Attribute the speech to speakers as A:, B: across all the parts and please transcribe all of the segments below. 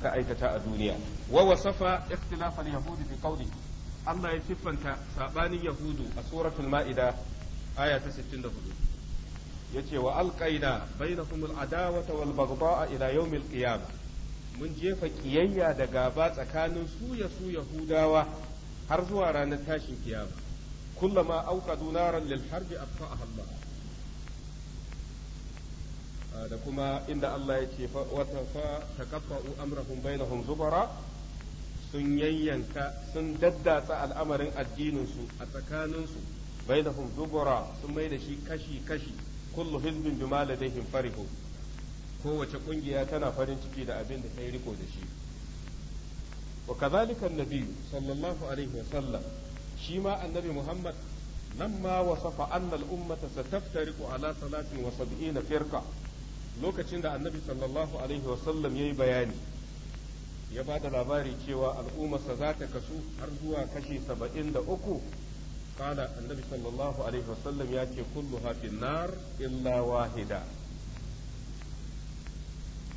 A: suka aikata a duniya wa wasafa ikhtilafal yahudi bi qawli Allah ya siffanta sabanin yahudu a suratul ma'ida aya ta 64 yace wa alqaina bainakumul adawata wal baghdha ila yawmil qiyamah mun jefa kiyayya da gaba tsakanin su ya su yahudawa har zuwa ranar tashin kiyama kullama auqadu naran lil harbi a Allah da kuma inda Allah ya ce wata fa taqatta'u amrahum bainahum zubara sun yayyanka sun daddatsa al'amarin addinin su a tsakaninsu su bainahum zubara sun mai da shi kashi kashi kullu hizbin bima ladayhim farihu kowace kungiya tana farin ciki da abin da ta yi riko da shi wa kadhalika annabi sallallahu alaihi wa sallam shi ma annabi muhammad lamma wasafa anna ummata sataftariqu ala salatin wa sab'ina firqa lokacin da annabi sallallahu alaihi wasallam ya yi bayani ya ba da labari cewa al'ummarsa za ta kasu har zuwa kashi saba'in da uku kala annabi sallallahu alaihi wasallam ya ce kullu hafin nar illa wahida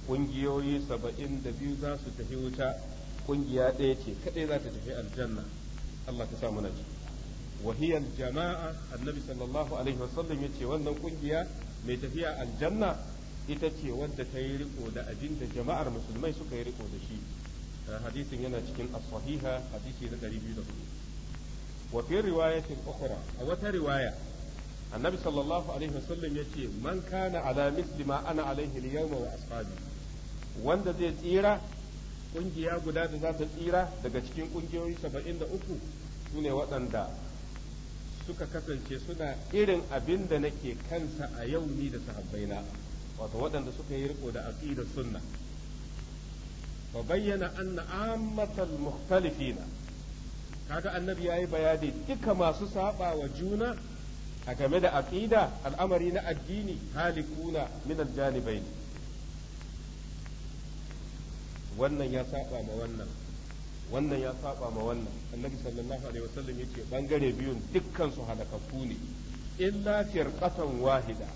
A: ƙungiyoyi saba'in da biyu za su tafi wuta ƙungiya ɗaya ce kaɗai za ta tafi aljanna Allah ta sa mana ci wahiyar jama'a annabi sallallahu alaihi wasallam ya ce wannan ƙungiya mai tafiya aljanna ita ce wadda ta yi riko da abin da jama'ar musulmai suka yi riko da shi eh, hadisin yana cikin as-sahiha hadisi na 204 wa fi riwayatin ukhra a wata riwaya annabi sallallahu alaihi wasallam yace man kana ala misli ma ana alaihi al-yawma wa ashabi wanda zai tsira kungiya guda da za ta tsira daga cikin kungiyoyi 73 sune waɗanda suka kasance suna irin abin da nake kansa a yau ni da sahabbaina wato waɗanda suka yi riko da aqidar sunna fa bayyana anna ammatal mukhtalifina kaga annabi yayi bayani duka masu saba wa juna a game da aqida al'amari na addini halikuna min aljanibaini wannan ya saba ma wannan wannan ya saba ma wannan annabi sallallahu alaihi wasallam yace bangare biyun dukkan su halakakku ne illa firqatan wahida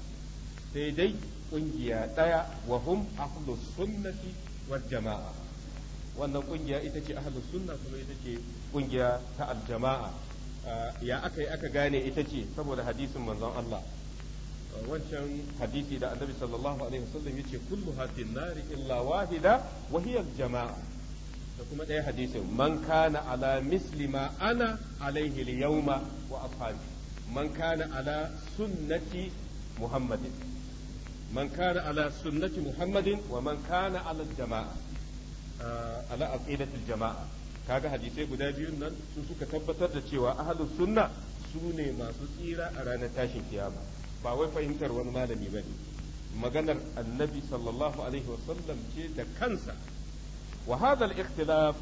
A: sai dai ƙungiya ɗaya wa hum ahlus sunnati wal jama'a wannan ƙungiya ita ce ahlus sunna kuma ita ce ƙungiya ta aljama'a ah, ya aka yi aka gane ita ce saboda hadisin manzon Allah ah, wancan hadisi da annabi sallallahu alaihi wasallam yace kullu hafin nari illa wahida wa hiya jama'a da kuma ɗaya hadisin man kana ala mislima ana alaihi al-yawma wa ashabi man kana ala sunnati muhammadin Manka kana ala muhammadin wa man kana ala jama'a ala aqidatil jama'a kaga hadisai guda biyun nan su suka tabbatar da cewa ahlus sunna sune masu tsira a ranar tashin kiyama ba wai fahimtar wani malami bane maganar annabi sallallahu alaihi wasallam ce da kansa wa hadha al-ikhtilaf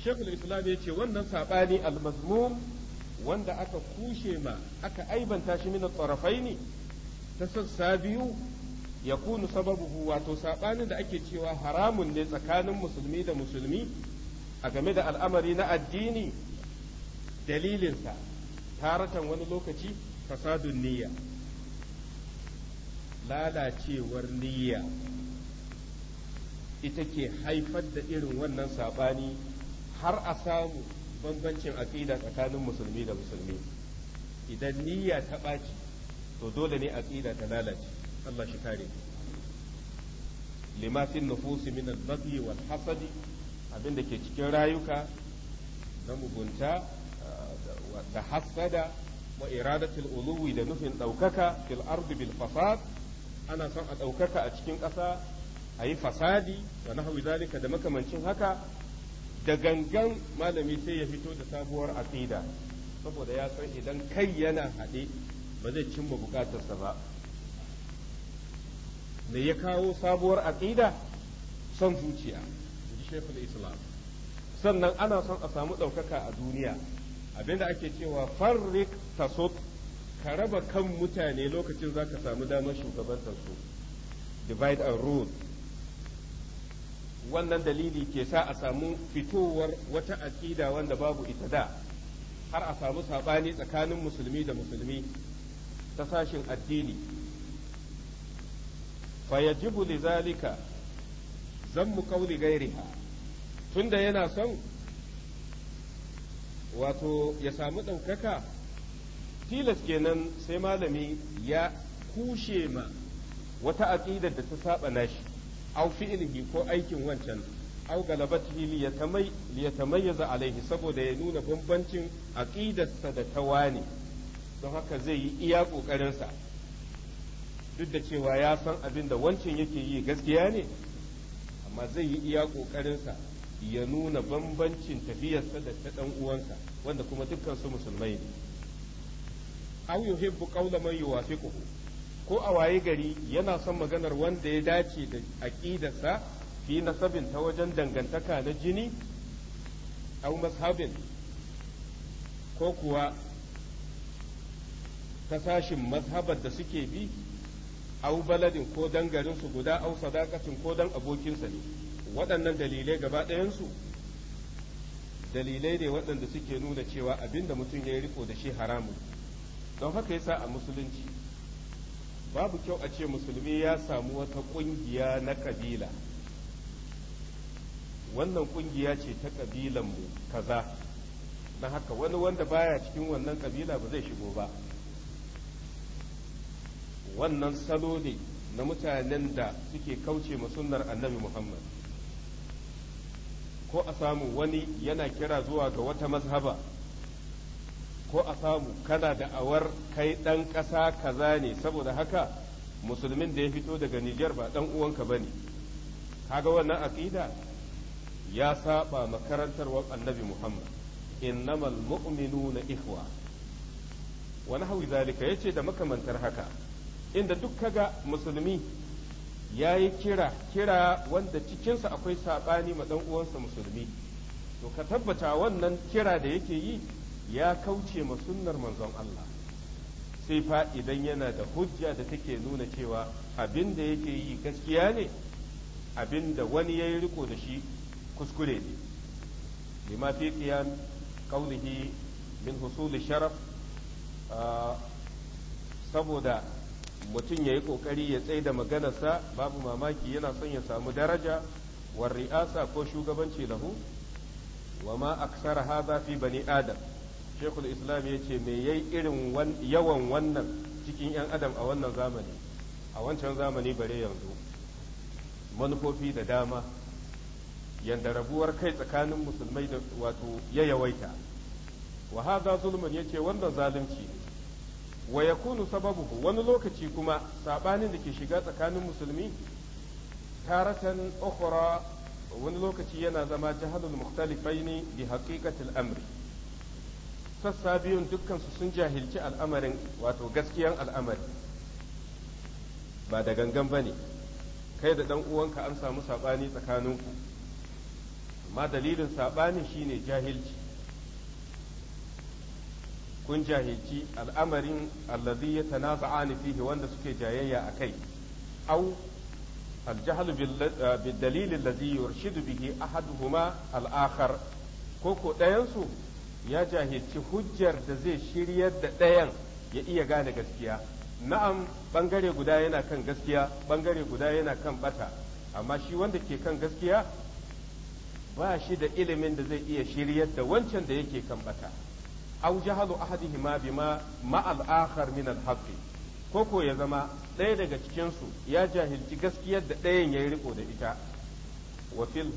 A: shaykh al wannan saɓani al-mazmum wanda aka kushe ma aka aibanta shi min tsarafaini ta sassa biyu ya kunu sababu wato saɓanin da ake cewa haramun ne tsakanin musulmi da musulmi a game da al'amari na addini dalilinsa taratan wani lokaci fasadun niyya lalacewar niyya ita ke haifar da irin wannan saɓani har a samu bambancin aƙida tsakanin musulmi da musulmi idan niyya ta ɓaci to dole ne aqida ta lalace Allah shi kare lima fi nufusi min al-baghi wal abin da ke cikin rayuka na mugunta ah, da hasada wa iradatul uluwi da nufin daukaka fil ardi bil fasad ana son a daukaka a cikin ƙasa a yi fasadi wa nahwi zalika da makamancin haka da gangan malami sai ya fito da sabuwar aqida saboda ya san idan kai yana haɗe ba zai cimma bukatarsa ba me ya kawo sabuwar aqida son zuciya ji shekul islam sannan ana son a samu ɗaukaka a duniya abinda ake cewa farrik tasut ka raba kan mutane lokacin za ka samu damar su divide and rule wannan dalili ke sa a samu fitowar wata aƙida wanda babu ita da har a samu saɓani tsakanin musulmi da musulmi ta sashin addini fa yajibu lizalika zammu qawli ghairiha tunda yana son wato ya samu ɗaukaka tilas kenan sai malami ya kushe ma wata aqidar da ta saba nashi au fi'lihi ko aikin wancan au galabatihi liyatamayyaza alaihi saboda ya nuna bambancin aqidarsa da ta wani don haka zai yi iya ƙoƙarinsa duk da cewa ya san abin da wancan yake yi gaskiya ne amma zai yi iya ƙoƙarinsa ya nuna bambancin tafiyarsa da ta ɗan uwansa wanda kuma dukkan musulmai ne aw yuhibbu qawla man yuwafiquhu ko a waye gari yana son maganar wanda ya dace da aqidarsa fi nasabin ta wajen dangantaka na jini aw mashabin ko kuwa ta sashin mazhabar da suke bi au baladin ko dan garinsu guda au sadakacin ko dan abokinsa ne waɗannan dalilai gaba ɗayansu dalilai ne waɗanda suke nuna cewa abinda mutum ya yi riko da shi haramun don haka yasa a musulunci babu kyau a ce musulmi ya samu wata ƙungiya na ƙabila wannan ƙungiya ce ta ƙabilan mu kaza na haka wani wanda baya cikin wannan ƙabila ba zai shigo ba wannan salo ne na mutanen da suke kauce ma sunnar annabi Muhammad ko a samu wani yana kira zuwa ga wata mazhaba ko a samu kana da awar kai ɗan ƙasa kaza ne saboda haka musulmin da ya fito daga Nijar ba ɗan uwanka ba ne kaga wannan aƙida ya saba makarantar annabi Muhammad innamal mu'minuna ikhwa wani hawi zalika yace da makamantar haka inda duk kaga musulmi ya yi kira kira wanda cikinsa akwai saɓani ma ɗan uwansa musulmi to ka tabbata wannan kira da yake yi ya kauce ma sunnar manzon Allah sai fa idan yana da hujja da take nuna cewa abin da yake yi gaskiya ne abin da wani ya yi riko da shi kuskure ne lima fi qiyam qawlihi min husul sharaf ah, saboda mutum ya yi ƙoƙari ya tsaye da maganarsa babu mamaki yana son ya samu daraja wa ri'asa ko shugabanci lahu wa ma aksara haza fi bani adam shekul islam ya ce me yayi irin yawan wannan cikin 'yan adam a wannan zamani a wancan zamani bare yanzu manufofi da dama yadda rabuwar kai tsakanin musulmai da wato ya yawaita wa zulman ya ce wannan zalunci ne wa kunu sababuhu wani lokaci kuma saɓanin da ke shiga tsakanin musulmi taratan ukhra wani lokaci yana zama jahalul ne bi haqiqatil amri sassa biyun dukkansu sun jahilci al'amarin wato gaskiyan al'amari ba da gangan bane kai da dan uwanka an samu saɓani tsakaninku amma dalilin sabanin shine jahilci kun jahilci al'amarin alladhi yatanaza'ani fihi wanda suke jayayya kai au الجهل بالدليل الذي يرشد به أحدهما ko ko ɗayansu ya jahilci hujjar da zai shiryar da ɗayan ya iya gane gaskiya na'am ɓangare guda yana kan gaskiya ɓangare guda yana kan ɓata amma shi wanda ke kan gaskiya ba shi da ilimin da zai iya shiryar da wancan da yake kan ɓata. aw jahalu ahadihima bima ma'al akhar min al haqqi koko ya zama ɗaya daga cikin su ya jahilci gaskiyar da ɗayan ya riko da ita wa fil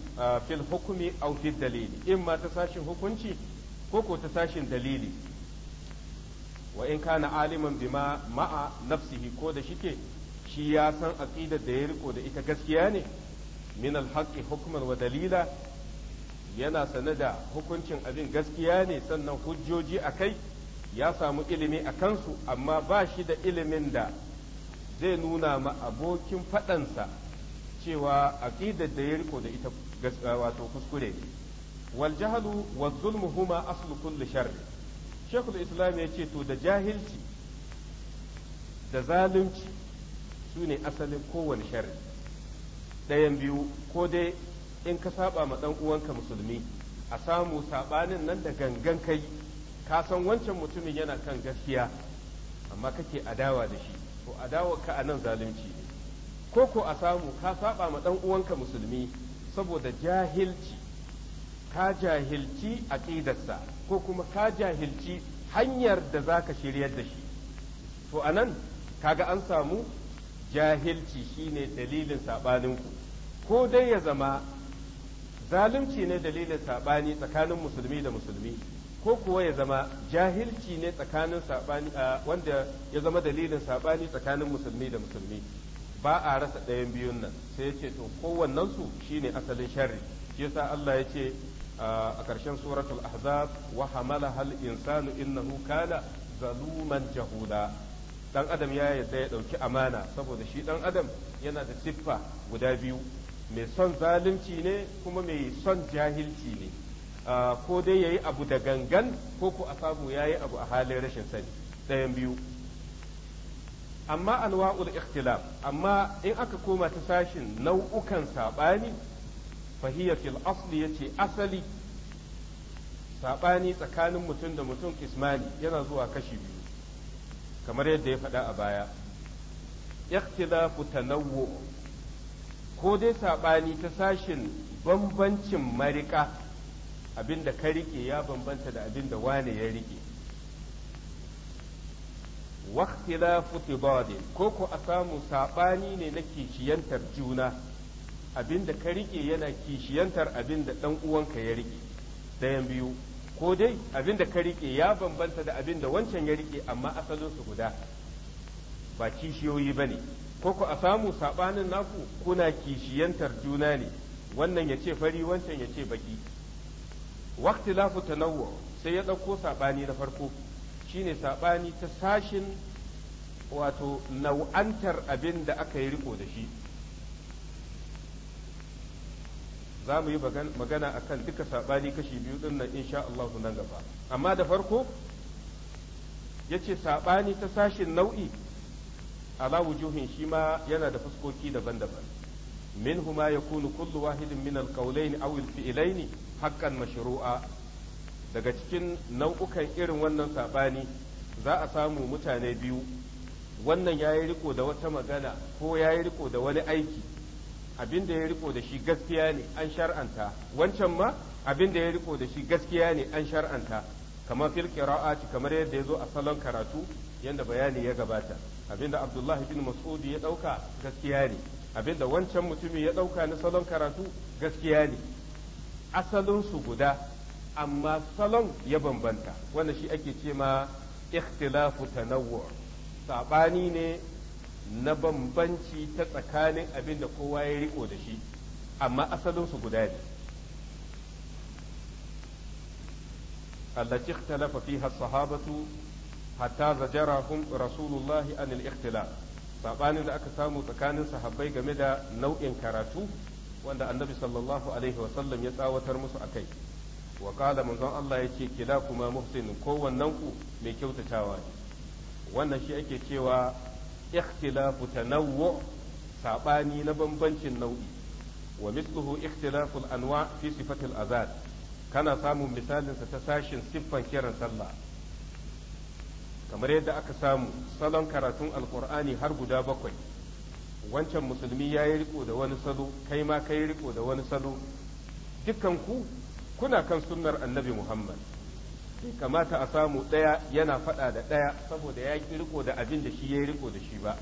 A: fil hukmi fil dalili in ma ta sashin hukunci koko ta sashin dalili wa in kana aliman bima ma'a nafsihi ko da shike shi ya san aqidar da ya riko da ita gaskiya ne min al haqqi wa dalila yana sane da hukuncin abin gaskiya ne sannan hujjoji a kai ya samu ilimi a kansu amma ba shi da ilimin da zai nuna ma abokin faɗansa cewa aƙidar da ya riko da ita wato kuskure wal jahalu wa zulmu huma aslu kulli sharri shekul islam ya ce to da jahilci da zalunci su ne asalin kowane sharri ɗayan biyu ko dai in ka saba ma dan uwanka musulmi a samu sabanin nan da gangan kai ka san wancan mutumin yana kan gaskiya amma kake adawa da shi to adawa ka anan zalunci ne ko ko a samu ka saba ma dan uwanka musulmi saboda jahilci ka jahilci aqidarsa ko kuma ka jahilci hanyar da zaka shiryar da shi to anan kaga an samu jahilci shine dalilin sabaninku ko dai ya zama zalunci ne dalilin saɓani tsakanin musulmi da musulmi ko kuwa ya zama jahilci ne tsakanin saɓani wanda ya zama dalilin saɓani tsakanin musulmi da musulmi ba a rasa ɗayan biyun nan sai ya ce to kowannensu shine asalin sharri shi yasa Allah ya ce a ƙarshen suratul ahzab wa hamala hal insanu innahu kana zaluman jahula dan adam ya yarda ya ɗauki amana saboda shi dan adam yana da siffa guda biyu mai son zalunci ne kuma mai son jahilci ne ah, ko dai yayi abu da gangan ko ku a samu yayi abu a halin rashin sani ɗayan biyu amma anwa'ul ikhtilaf amma in aka koma ta sashin nau'ukan saɓani fahiyya fil asli yace asali saɓani tsakanin mutum da mutum ismani yana zuwa kashi biyu kamar yadda ya faɗa a baya ikhtilafu tanawwu ko dai saɓani ta sashin bambancin marika abinda ka rike ya bambanta da abinda wane ya rike waktilafu tibadin ko ku a samu saɓani ne na kishiyantar juna abinda ka rike yana kishiyantar abinda ɗan uwanka ya rike dayan biyu ko dai abinda ka rike ya bambanta da abinda wancan ya rike amma asalinsu guda ba kishiyoyi ba ne ko ku a samu saɓanin naku kuna kishiyantar juna ne wannan ya ce fari wancan ya ce baki wakti lafu tanawwa sai ya ɗauko saɓani na farko shine saɓani ta sashin wato nau'antar abin da aka yi riko da shi za mu yi magana akan duka saɓani kashi biyu ɗin nan insha Allah nan gaba amma da farko ya ce saɓani ta sashin nau'i ala wujuhin shi ma yana da fuskoki daban-daban minhu ya yakunu kullu wahidin min alqawlaini aw alfi'laini haqqan mashru'a daga cikin nau'ukan irin wannan sabani za a samu mutane biyu wannan yayi riko da wata magana ko yayi riko da wani aiki abin da ya riko da shi gaskiya ne an shar'anta wancan ma abin da ya riko da shi gaskiya ne an shar'anta kamar fil qira'ati kamar yadda ya zo a salon karatu yanda bayani ya gabata abinda abdullahi bin Masudi ya ɗauka gaskiya ne abinda wancan mutumin ya ɗauka na salon karatu gaskiya ne asalinsu guda amma salon ya bambanta wanda shi ake ce ma ikhtilafu tanawwu sabani ne na bambanci ta tsakanin abinda kowa ya riko da shi amma asalin su guda ne sahabatu Hattaza zajarahum rasulullahi anil ikhtilaf sabanin da aka samu tsakanin sahabbai game da nau'in karatu wanda annabi sallallahu alaihi wasallam ya tsawatar musu akai wa qala manzon Allah yace kila kuma muhsinin kowannen ku mai kyautatawa ne wannan shi ake cewa ikhtilafu tanawwu saɓani na bambancin nau'i wa mithluhu ikhtilaful anwa fi sifatil azal kana samun misalinsa ta sashin siffan kiran sallah kamar yadda aka samu salon karatun alkur'ani har guda bakwai wancan musulmi ya yi riko da wani salo kai ma kai riko da wani salo dukkan ku kuna kan sunnar annabi muhammad bai kamata a samu ɗaya yana faɗa da ɗaya saboda ya ƙi riko da abin da shi ya yi riko da shi ba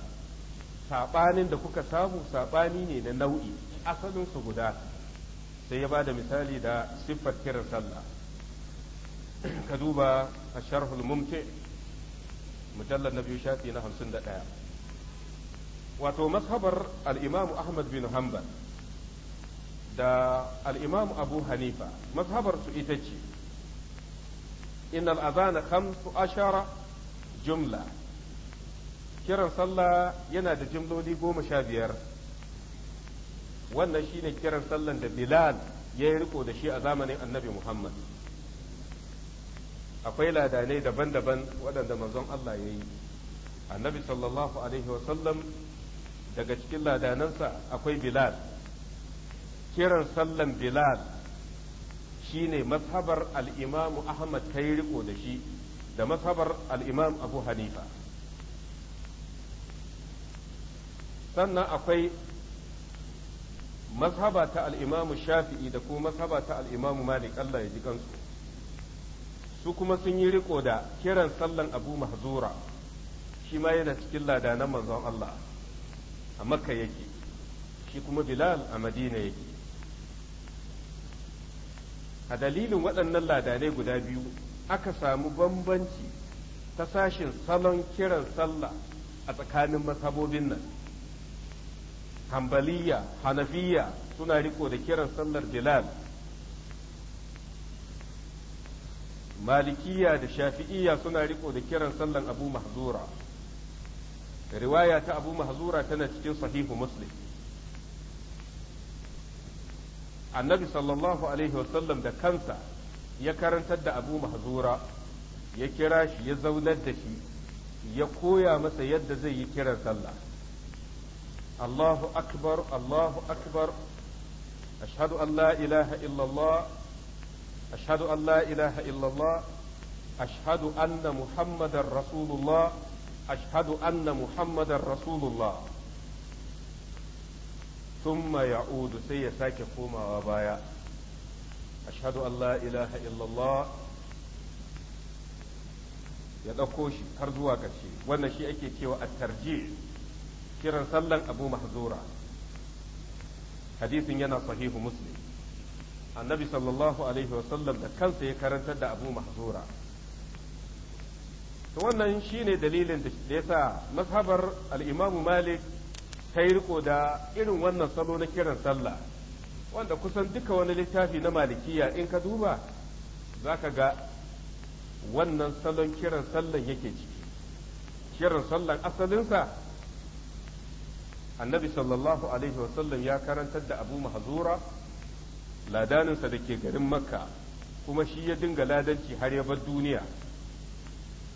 A: saɓanin da kuka samu saɓani ne na nau'i asalinsu guda sai ya ba da misali da siffar kiran sallah ka duba a sharhul mumti mujallar na biyu shafi na hamsin da ɗaya wato mashabar al'imamu ahmad bin hanbal da al'imamu abu hanifa mashabar su ita ce innal azana khamsu ashara jumla kiran sallah yana da jimloli goma sha biyar wannan shine kiran sallan da bilal ya yi riko da shi a zamanin annabi muhammad akwai ladanai daban-daban waɗanda manzon Allah ya yi annabi sallallahu alaihi wasallam daga cikin ladanansa akwai bilal kiran sallan bilal ne mazhabar al'imamu ahmad ta yi riko da shi da mazhabar al'imam abu hanifa sannan akwai mazhaba ta al'imamu shafi'i da kuma mazhaba ta al'imamu malik Allah ya ji kansu su kuma sun yi riko da kiran sallan abu mahzura shi ma yana cikin ladanan manzon Allah a makka yake shi kuma bilal a madina yake a dalilin waɗannan ladanai guda biyu aka samu bambanci ta sashin salon kiran sallah a tsakanin masabobin nan hambaliya hanafiya suna riko da kiran sallar bilal malikiya da shafi'iya suna riko da kiran sallan abu mahzura riwaya ta abu mahzura tana cikin sahihu muslim annabi sallallahu alaihi wasallam da kansa ya karantar da abu mahzura ya kira shi ya zaunar da shi ya koya masa yadda zai yi kiran sallah Allahu akbar Allahu akbar ashhadu an la ilaha illallah أشهد أن لا إله إلا الله أشهد أن محمدا رسول الله أشهد أن محمدا رسول الله ثم يعود سي ساكي كوما وبايا أشهد أن لا إله إلا الله ya ɗauko shi har zuwa ƙarshe wannan shi ake cewa a tarji kiran sallan abu mahzura hadisin yana sahihu muslim annabi sallallahu alaihi wasallam da kansa ya karantar da abu mahzura to wannan shine dalilin da ya sa mazhabar al'imamu malik ta yi riƙo da irin wannan salo na kiran sallah wanda kusan duka wani littafi na malikiya in ka duba za ka ga wannan salon kiran sallan yake ciki kiran sallan asalinsa annabi sallallahu alaihi wasallam ya karantar da abu mahzura ladaninsa da ke garin makka kuma shi ya dinga ladanci har ya bar duniya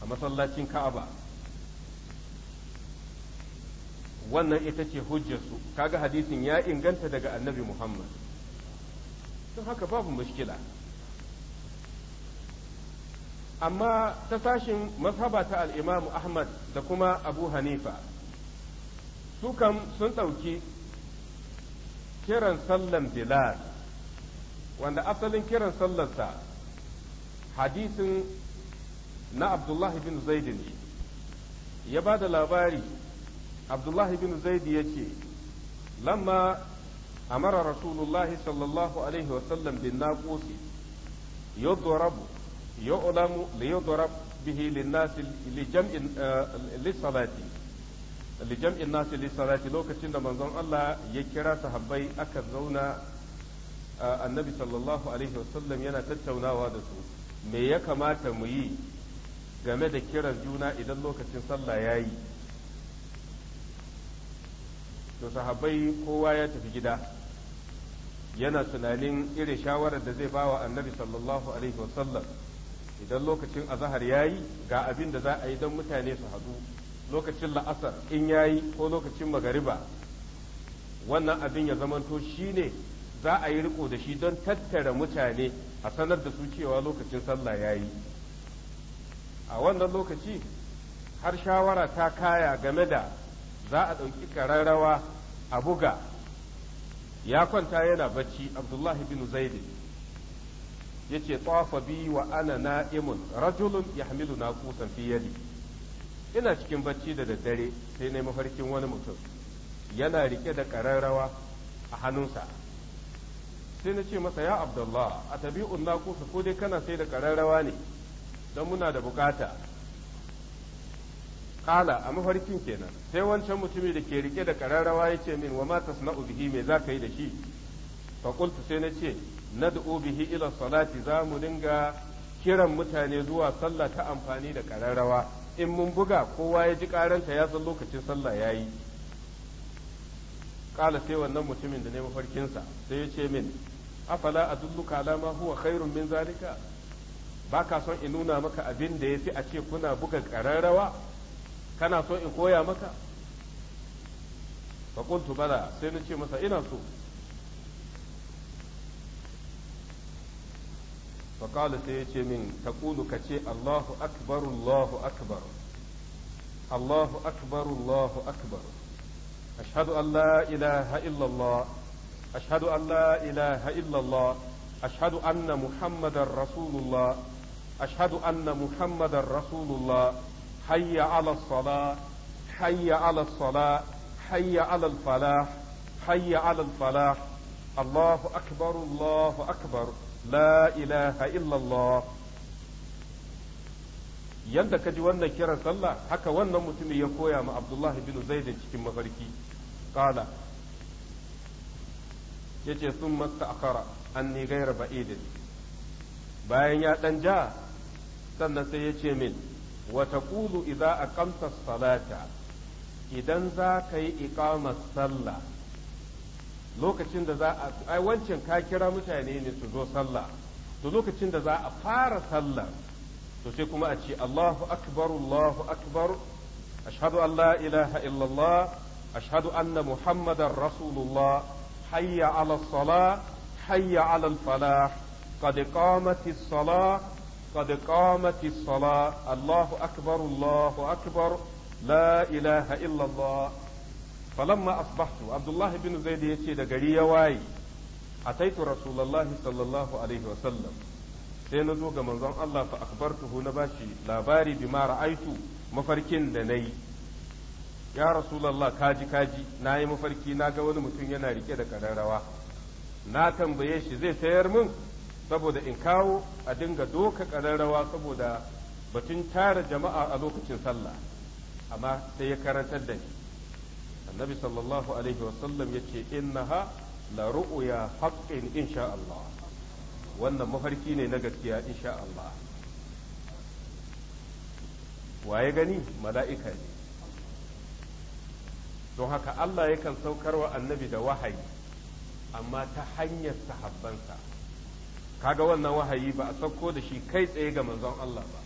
A: a masallacin ka'aba wannan ita ce hujjarsu kaga hadisin ya inganta daga annabi muhammad don haka babu mushkila amma ta sashin mazhaba ta al'imamu ahmad da kuma abu hanifa su kam sun ɗauki kiran sallan bilal wanda asalin kiran sallarsa hadisin na abdullahi bin zaidi ne ya ba da labari abdullahi bin zaidi ya ce lamma amara rasulullahi sallallahu alaihi wasallam bin naqusi yudrabu yu'lamu li yudrab bihi linnas li jam'in eh, li salati li jam'in nas li salati lokacin da manzon Allah ya kira sahabbai aka zauna annabi sallallahu alaihi wasallam yana tattaunawa da su me ya kamata mu yi game da kiran juna idan lokacin sallah ya yi to sahabbai kowa ya tafi gida yana tunanin irin shawarar da zai ba wa annabi sallallahu alaihi wasallam idan lokacin azahar ya yi ga abin da za a yi don mutane su haɗu lokacin la'asar in ya yi ko lokacin magariba wannan abin ya zamanto shi ne za a yi riko da shi don tattara mutane a sanar da su cewa lokacin sallah ya yi a wannan lokaci har shawara ta kaya game da za a ɗauki ƙararrawa a buga ya kwanta yana bacci abdullahi bin zaidi ya ce bi wa ana na'imun rajulun ya hamilu na kusan fiye. ina cikin bacci da daddare sai na mafarkin wani mutum yana rike da ƙararrawa a hannunsa sai na ce masa ya abdullah a tabi'un na kusa ko dai kana sai da ƙararrawa ne don muna da bukata ƙala a mafarkin kenan sai wancan mutumi da ke rike da ƙararrawa ya ce min wa ma tasna'u bihi me za ka yi da shi fa sai na ce nad'u bihi ila salati za mu dinga kiran mutane zuwa sallah ta amfani da ƙararrawa in mun buga kowa ya ji karanta ya san lokacin sallah ya yi ƙala sai wannan mutumin da ne mafarkinsa sai ya ce min afala adulluka ala ma huwa khairun min zalika ba ka son in nuna maka abin da yafi a ce kuna buga kararrawa kana so in koya maka fa qultu bala sai na ce masa ina so fa qala sai ya ce min taqulu ka ce Allahu akbar Allahu akbar Allahu akbar Allahu akbar ashhadu an la ilaha illallah أشهد أن لا إله إلا الله أشهد أن محمدا رسول الله أشهد أن محمدا رسول الله حي على الصلاة حي على الصلاة حي على الفلاح حي على الفلاح الله أكبر الله أكبر لا إله إلا الله yanda ka ji wannan kiran sallah haka wannan mutumin ya koya ma Abdullahi bin Zaid cikin mafarki qala yace sun an ni gairaba ba'idin bayan ya ɗan ja sannan sai yace min ƙulu iza a aqamta salata idan za ka yi sallah lokacin da za a ai wancan ka kira mutane ne su zo sallah to lokacin da za a fara sallah to sai kuma a ce Allahu akbar Allahu akbar ashhadu an la ilaha illallah ashhadu anna muhammadar rasulullah hayya ala salah hayya ala falah qad qamatis salah قد قامت الصلاة الله أكبر الله أكبر لا إله إلا الله فلما أصبحت عبد الله بن زيد يشي دقري واي أتيت رسول الله صلى الله عليه وسلم sai na zo ga manzon Allah fa akbartuhu na bashi labari bima ra'aitu mafarkin da nayi ya rasulallah kaji kaji na yi mafarki na ga wani mutum yana rike da kararrawa na tambaye shi zai sayar min saboda in kawo a dinga doka kararrawa saboda batun tara jama'a a lokacin sallah amma sai ya karantar da ni annabi sallallahu alaihi wasallam ya ce innaha la ru'ya haqqin insha Allah wannan mafarki ne na gaskiya insha Allah waye gani mala'ika ne don haka Allah yakan saukar wa annabi da wahayi amma ta hanyar sahabbansa kaga wannan wahayi ba a sauko da shi kai tsaye ga manzon Allah ba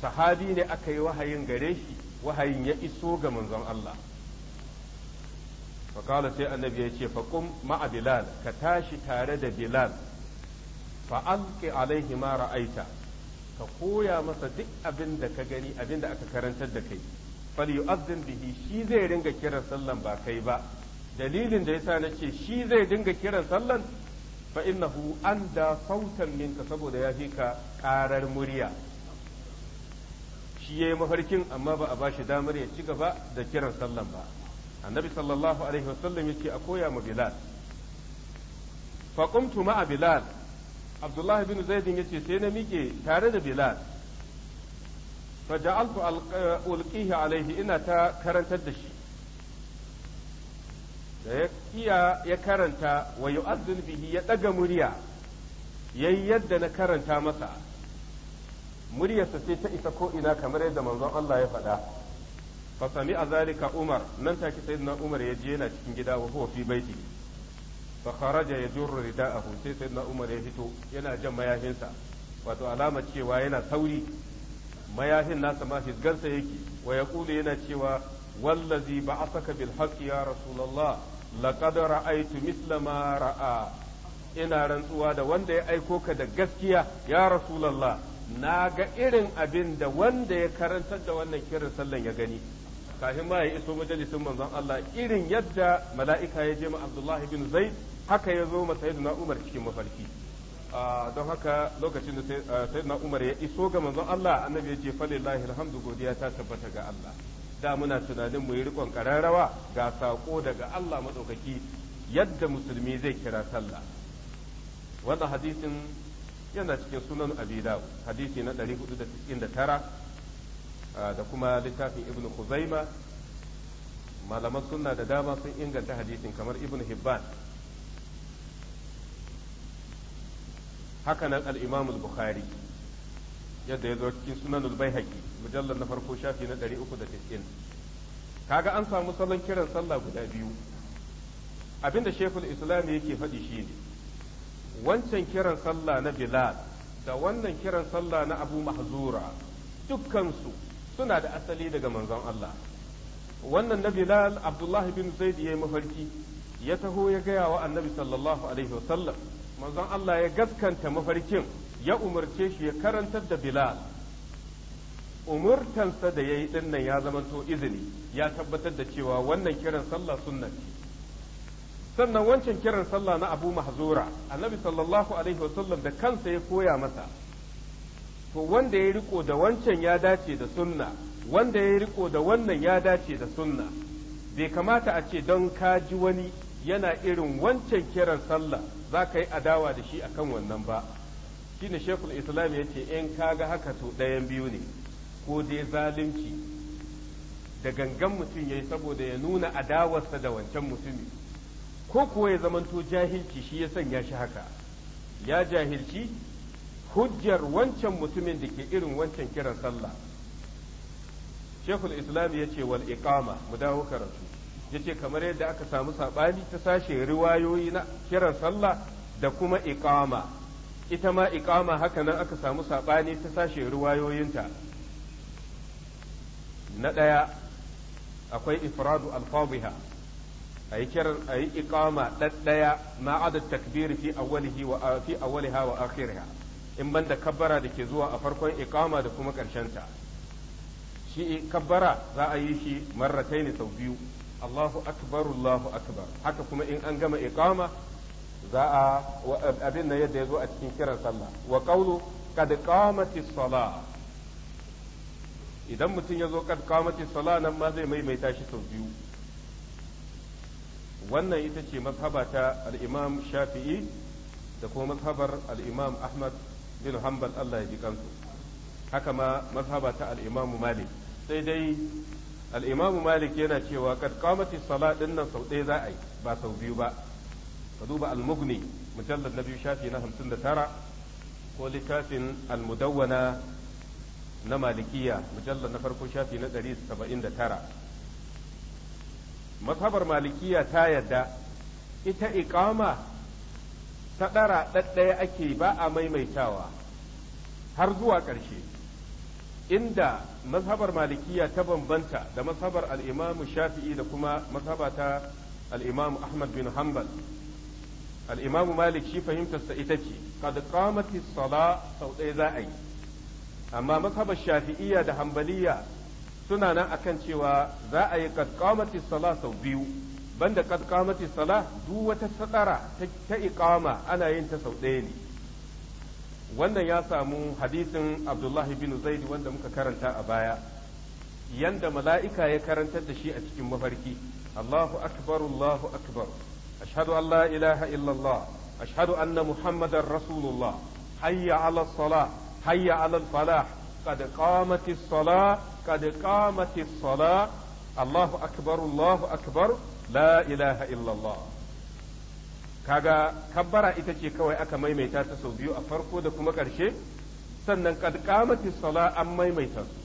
A: sahabi ne aka yi wahayin gare shi wahayin ya iso ga manzon Allah fakala sai annabi ya ce faƙum ma'a bilal ka tashi tare da bilal fa'alƙi alaihi ma ra'aita ka koya masa duk abin da ka gani abin da aka karantar da kai fal bihi shi zai ringa kiran sallan ba kai ba dalilin da yasa nace shi zai dinga kiran sallan fa innahu anda sautan minka saboda ya fi ka karar murya shi yayi mafarkin amma ba a bashi damar ya ci gaba da kiran sallan ba annabi sallallahu alaihi wasallam yake a koya mu bilal fa qumtu ma'a bilal abdullahi ibn zaid yace sai na mike tare da bilal Faja ja'altu ulqihi alaihi ina ta karantar da shi da ya karanta wa yu'azzin bihi ya daga murya yayi yadda na karanta masa muryarsa sai ta isa ko ina kamar yadda manzon Allah ya faɗa fa sami'a zalika Umar nan take sayyidina Umar ya je yana cikin gida wa huwa fi baiti fa kharaja yajurru rida'ahu sai sayyidina Umar ya fito yana jan mayafinsa wato alamar cewa yana sauri mayahin nasa ma fisgarsa yake wa ya yaqulu yana cewa wallazi saka bil haqqi ya rasulullah laqad ra'aytu misla ma ra'a ina rantsuwa da wanda ya aiko ka da gaskiya ya rasulullah na ga irin abin da wanda ya karantar da wannan kiran sallan ya gani kafin ma ya iso majalisin manzon Allah irin yadda mala'ika ya je ma Abdullah bin Zaid haka ya zo ma sayyidina Umar cikin mafarki Ah, don haka lokacin da ah, na Umar ya iso ga manzon Allah annabi ya ce falillahi alhamdu godiya ta tabbata ga Allah da muna tunanin mu yi rikon kararrawa ga sako daga Allah madaukaki yadda musulmi zai kira sallah wannan hadisin yana cikin sunan Abi Dawud hadisi na 499 ah, da kuma littafin ibnu Khuzaima malaman sunna da dama sun inganta hadisin kamar ibnu Hibban haka nan al-Imam al-Bukhari yadda ya zo cikin sunan al-Baihaqi mujallal na farko shafi na 390 kaga an samu salon kiran sallah guda biyu abinda Sheikhul Islam yake faɗi ne. wancan kiran sallah na Bilal da wannan kiran sallah na Abu Mahzura dukkansu suna da asali daga manzon Allah wannan na Bilal Abdullah bin Zaid ya yi mafarki ya taho ya gaya wa Annabi sallallahu alaihi wasallam manzon Allah ya gaskanta mafarkin ya umarce shi ya karantar da Bilal umurtansa da ya yi dinnan ya zamanto izini ya tabbatar da cewa wannan kiran sallah sunna ce sannan wancan kiran sallah na Abu Mahzura annabi sallallahu alaihi wasallam da kansa ya koya masa to wanda ya riko da wancan ya dace da sunna wanda ya riko da wannan ya dace da sunna bai kamata a ce don ka ji wani yana irin wancan kiran sallah za ka yi adawa da shi akan wannan ba shi ne shekul islam ya ce in kaga haka to ɗayan biyu ne ko dai zalunci da gangan mutum ya yi saboda ya nuna adawarsa da wancan mutumi ko kuwa ya zamanto jahilci shi ya sanya shi haka ya jahilci hujjar wancan mutumin da ke irin wancan kiran sallah shekul islam ya ce wal iqama mu dawo karatu yace kamar yadda aka samu saɓani ta sashe riwayoyi na kiran sallah da kuma iqama ita ma iqama haka nan aka samu saɓani ta sashe riwayoyinta na ɗaya akwai ifradu alfabiha a yi kiran a yi iqama ɗaɗɗaya ma adad takbir fi awwalihi wa fi awwaliha wa akhiriha in banda kabbara da ke zuwa a farkon iƙama da kuma ƙarshenta shi kabbara za a yi shi marrataini sau biyu Allahu akbar Allahu akbar haka kuma in an gama iqama za a abin nan yadda ya zo a cikin kiran sallah wa qawlu qad qamatis salah idan mutum ya zo qad qamatis salah nan ma zai maimaita shi sau biyu wannan ita ce mazhaba ta al Shafi'i da kuma mazhabar al-Imam Ahmad bin Hanbal Allah ya ji kansu haka ma mazhaba ta al Malik sai dai al'imamu malik yana cewa kad kamati sala nan sau ɗaya za yi ba sau biyu ba ka duba al-mughni mujallad na biyu shafi na hamsin da tara ko littafin al-mudawwana na malikiya mujallad na farko shafi na ɗari saba'in da tara mazhabar malikiya ta yadda ita iqama ta ɗara ɗaɗɗaya ake ba a maimaitawa har zuwa ƙarshe inda mazhabar malikiya ta bambanta da mazhabar al'imamu shafi'i da kuma mazhaba ta al'imamu ahmad bin hanbal al'imamu malik shi fahimtarsa ita ce kad sau ɗaya za'a yi amma mazhabar shafi'iyya da hanbaliya suna nan kan cewa za a yi kad qamati sau biyu banda kad qamati sala duk wata sadara ta iqama ana yin ta sau ɗaya ne wannan ya samu hadisin abdullahi bin zaid wanda muka karanta a baya yanda mala'ika ya karantar da shi a cikin mafarki allahu akbar allahu akbar ashadu an la ilaha illallah ashhadu anna muhammadar rasulullah hayya ala salah hayya ala falah qad qamatis salah qad qamatis salah allahu akbar allahu akbar la ilaha illallah kaga kabbara ita ce kawai aka maimaita ta sau biyu a farko da kuma ƙarshe sannan kad sala an maimaita su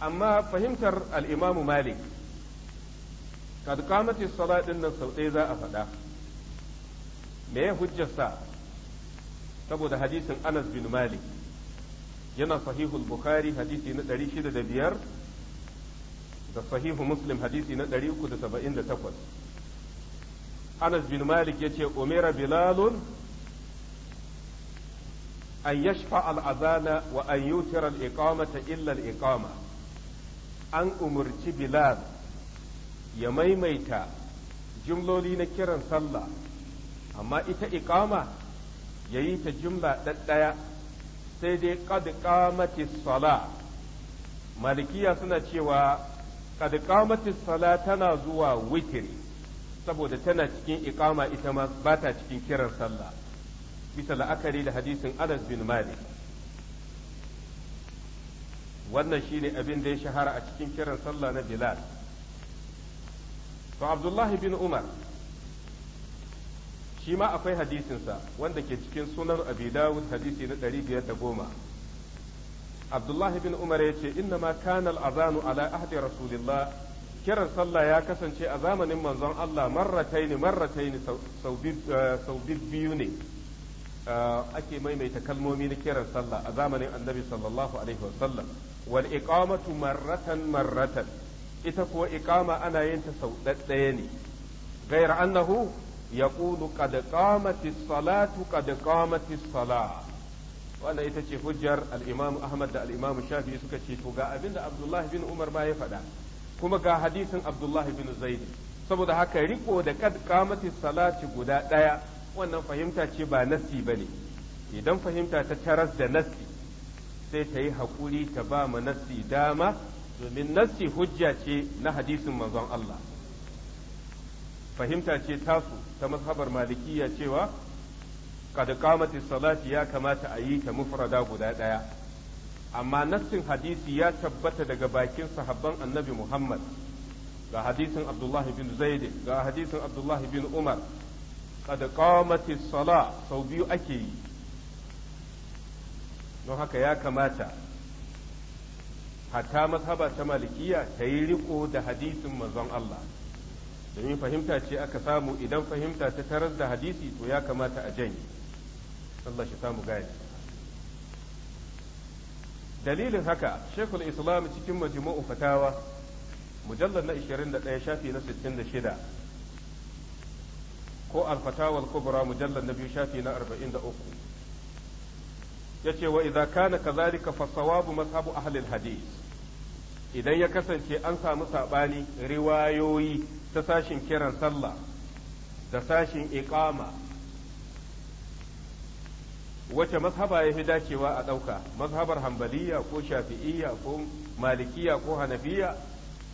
A: amma fahimtar Al'imamu Malik kad qamati sala din nan sau ɗaya za a faɗa me ya hujjarsa saboda hadisin Anas bin Malik yana sahihul Bukhari hadisi na shida da sahihu Muslim hadisi na takwas. anas bin malik yace umira bilalun an yashfa al'azana wa an yutira ta illar al'iqama an umarci bilal ya maimaita jimloli na kiran sallah amma ita iqama ya yi ta jumla ɗaɗɗaya sai dai qad qamatis sala malikiya suna cewa qad qamatis sala tana zuwa witiri saboda tana cikin iqama ita ma ba ta cikin kiran sallah bisa la'akari da hadisin Anas bin Malik wannan shine abin da ya shahara a cikin kiran sallah na Bilal to Abdullahi bin Umar shi ma akwai hadisinsa wanda ke cikin sunan Abi Dawud hadisi na 510 Abdullahi bin Umar ya ce inna ma kana al-azanu ala ahdi Rasulillah kiran sallah ya kasance a zamanin manzon Allah marrataini marrataini sau eh, biyu ne eh, ake maimaita kalmomi na kiran sallah a zamanin annabi sallallahu alaihi wasallam wal iqamatu marratan marratan ita kuwa iqama ana yin ta sau ɗaya ne غير أنه يقول قد قامت الصلاة قد قامت الصلاة wanda ita ce hujjar al'imamu Ahmad da al'imamu Shafi suka ce to ga abin Abdullahi bin Umar ma ya faɗa kuma ga hadisin Abdullahi bin Zaid saboda haka riko da kad kamati salati guda daya wannan fahimta ce ba ba ne idan fahimta ta taras da nassi sai ta yi hakuri ta ba mu nassi dama domin nassi hujja ce na hadisin manzon Allah fahimta ce tasu ta mazhabar malikiya cewa kad kamati salati ya kamata a yi ta mufrada guda daya amma nassin hadisi ya tabbata daga bakin sahabban annabi Muhammad ga hadisin Abdullah bin Zaid ga hadisin Abdullah bin Umar qad qamati sala sau biyu ake yi don haka ya kamata hatta mazhaba ta malikiya ta yi riko da hadisin manzon Allah domin fahimta ce aka samu idan fahimta ta tarar da hadisi to ya kamata a janye Allah shi samu gani dalilin haka shekul islam cikin majmu'u fatawa mujallar na 21 shafi na 66 ko al-fatawal kubra mujallar na biyu shafi na 43 yace wa idza kana kadhalika fa sawabu mazhabu ahli al-hadith idan ya kasance an samu sabani riwayoyi ta sashin kiran sallah da sashin iqama wace mazhaba ya fi dacewa a ɗauka mazhabar hambaliya ko shafi'iyya ko malikiya ko hanafiya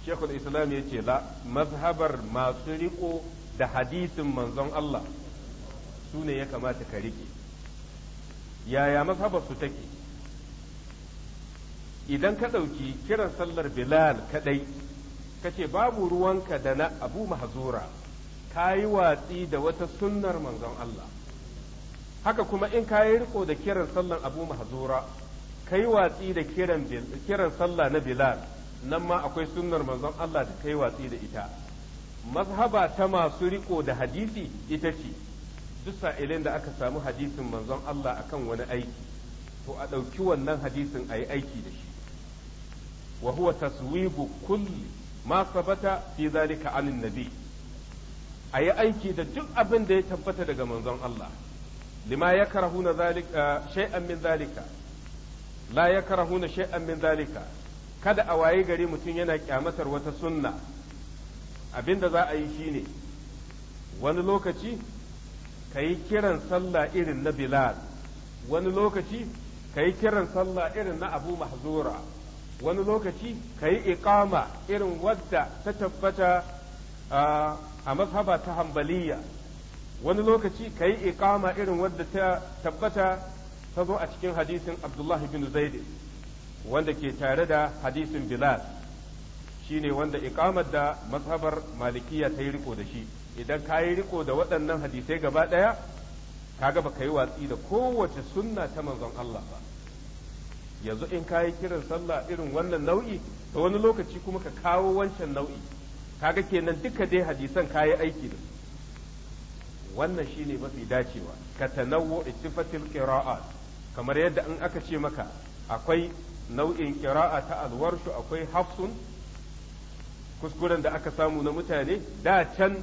A: shekul islam ya ce la mazhabar masu riko da hadisin manzon Allah su ne ya kamata ka riƙe. yaya mazhabar su take idan ka ɗauki kiran sallar bilal kaɗai ka ce babu ruwanka da na abu mahazura ka yi watsi da wata sunnar manzon Allah haka kuma in kayi riko da kiran sallan abu mahzura kai watsi da kiran kiran sallah na bilal nan ma akwai sunnar manzon Allah da kai watsi da ita mazhaba ta masu riko da hadisi ita ce duk sa'ilin da aka samu hadisin manzon Allah akan wani aiki to a ɗauki wannan hadisin a yi aiki da shi wa huwa taswibu kulli ma sabata fi zalika anin nabi a yi aiki da duk abin da ya tabbata daga manzon Allah lima yakrahuna zalika shay'an min zalika la yakrahuna shay'an min zalika kada a waye gari mutum yana kyamatar wata sunna abinda za a yi shine wani lokaci ka yi kiran sallah irin na bilal wani lokaci ka yi kiran sallah irin na abu mahzura wani lokaci ka yi iqama irin wadda ta tabbata a mazhaba ta hambaliya wani lokaci ka yi iƙama irin wadda ta tabbata ta zo a cikin hadisin abdullah bin zaid wanda ke tare da hadisin bilal shine wanda iƙamar da mazhabar malikiya ta yi riko da shi idan ka yi riko da waɗannan hadisai gaba ɗaya kaga ba ka yi watsi da kowace sunna ta manzon Allah ba yanzu in ka yi kiran sallah irin wannan nau'i da wani lokaci kuma ka kawo wancan nau'i kaga kenan duka dai hadisan ka yi aiki da su wannan shine mafi dacewa ka tanawwu sifatil qira'at kamar yadda in aka ce maka akwai nau'in qira'a ta alwarshu akwai hafsun kuskuren da aka samu na mutane da can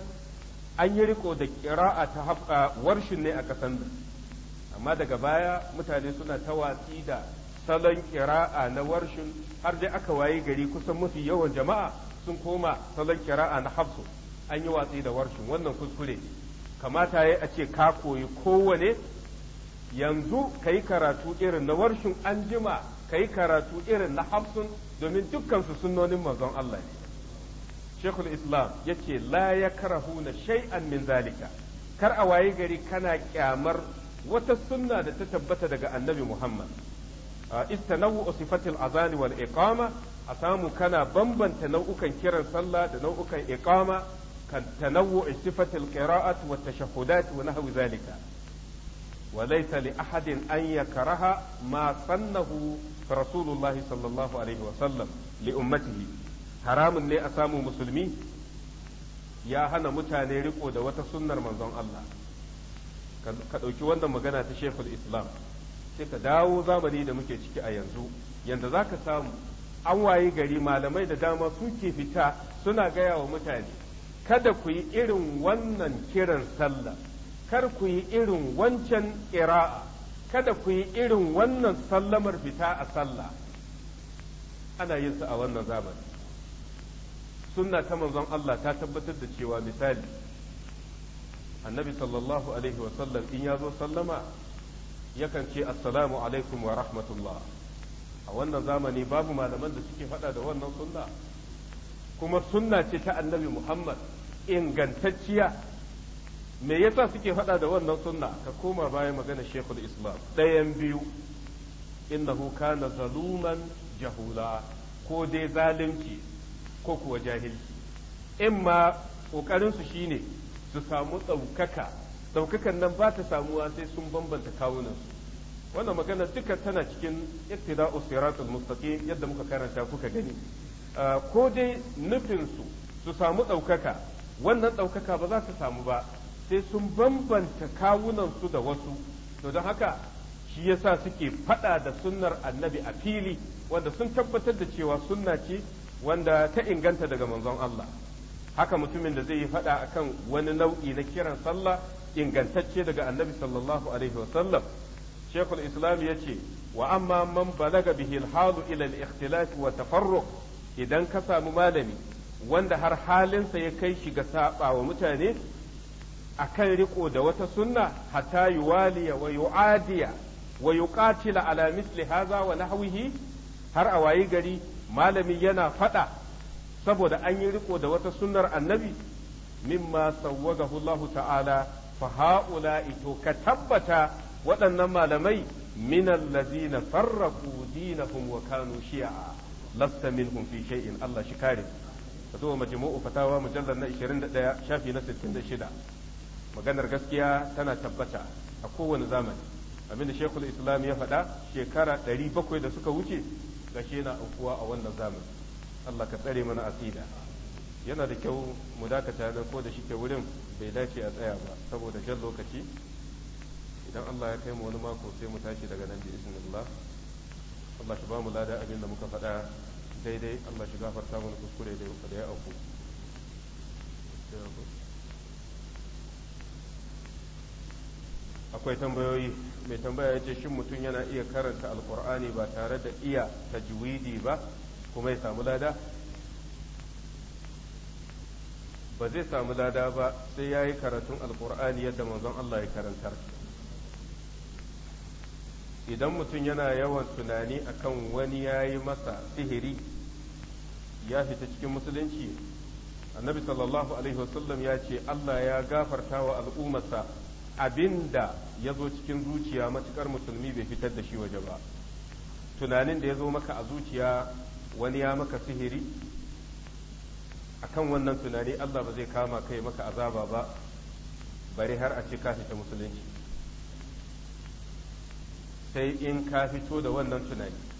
A: an yi riko da qira'a ta warshin ne a kasan da amma daga baya mutane suna ta watsi da salon qira'a na warshin har dai aka waye gari kusan mafi yawan jama'a sun koma salon qira'a na hafsun an yi watsi da warshin wannan kuskure kamata ya a ce ka koyi kowane yanzu ka yi karatu irin na warshin anjima ka yi karatu irin na hamsin domin dukkansu sunnonin manzon Allah ne shekul islam ya ce la ya karahu na shay'an min zalika kar a waye gari kana kyamar wata sunna da ta tabbata daga annabi muhammad istanawu sifatil azani wal iqama a samu kana bambanta nau'ukan kiran sallah da nau'ukan iqama تنوع صفة القراءة والتشهدات ونحو ذلك وليس لأحد أن يكره ما صنه رسول الله صلى الله عليه وسلم لأمته حرام ne a samun musulmi ya hana mutane riko da wata sunnar manzon Allah ka ɗauki wannan magana ta shekul islam sai ka dawo zamani da muke ciki a yanzu yanda za ka samu an waye gari malamai da dama suke fita suna gaya wa mutane kada ku yi irin wannan kiran sallah kar ku yi irin wancan ƙira'a kada ku yi irin wannan sallamar fita a sallah ana yin su a wannan zamani sunna ta manzon Allah ta tabbatar da cewa misali annabi sallallahu alaihi sallam, in ya zo sallama yakan ce assalamu alaikum wa rahmatullah a wannan zamani babu malaman da suke faɗa da wannan sunna kuma sunna ce ta annabi muhammad ingantacciya me yasa suke faɗa da wannan sunna ka koma bayan magana shekul islam ɗayan biyu innahu kana zaluman jahula ko dai zalunci ko kuwa jahilci in ma ƙoƙarinsu shine su samu ɗaukaka ɗaukakan nan ba ta samuwa sai sun bambanta kawunansu wannan magana duka tana cikin iktida'u siratul mustaqim yadda muka karanta kuka gani ah, ko dai nufinsu su samu ɗaukaka wannan ɗaukaka ba za ta samu ba sai sun bambanta kawunansu da wasu to don haka shi yasa suke faɗa da sunnar annabi a fili wanda sun tabbatar da cewa sunna ce wanda ta inganta daga manzon Allah haka mutumin da zai yi faɗa akan wani nau'i na kiran sallah ingantacce daga annabi sallallahu alaihi sallam shekul islam ya ce wa amma man balaga bihi alhalu ila al-ikhtilaf wa tafarruq idan ka samu malami wanda har halinsa ya kai shi ga saba wa mutane akan riko da wata sunna hatta yuwaliya wa yu'adiya wa yuqatila ala misli hadha wa nahwihi har a wayi gari malami yana fada saboda an yi riko da wata sunnar annabi mimma sawwagahu Allah ta'ala fa ha'ula'i to ka tabbata waɗannan malamai min allazina farraqu dinahum wa kanu shi'a lasta minhum fi shay'in Allah shi kare ka zo majmu'u fatawa mujallar na 21 shafi na 66 maganar gaskiya tana tabbata a kowane zamani abin da shekul islam ya faɗa shekara 700 da suka wuce gashe na aukuwa a wannan zamani Allah ka tsare mana asida yana da kyau mu dakata nan ko da shike wurin bai dace a tsaya ba saboda jan lokaci idan Allah ya kai mu wani mako sai mu tashi daga nan bi ismillah Allah shi ba mu lada abin da muka faɗa daidai Allah shi mana kuskure da ya auku akwai tambayoyi mai tambaya ya ce shin mutum yana iya karanta alkur'ani ba tare da iya tajwidi ba kuma ya samu lada ba zai samu lada ba sai ya yi karatun alkur'ani yadda manzon Allah ya karantar idan mutum yana yawan tunani akan wani ya yi masa sihiri ya fita cikin musulunci annabi sallallahu alaihi wasallam ya ce Allah ya gafarta wa al'ummarsa abinda ya zo cikin zuciya matukar musulmi bai fitar da shi waje ba tunanin da ya zo maka a zuciya wani ya maka sihiri kan wannan tunani Allah ba zai kama kai maka azaba ba bari har a ce ka fita musulunci sai in ka fito da wannan tunani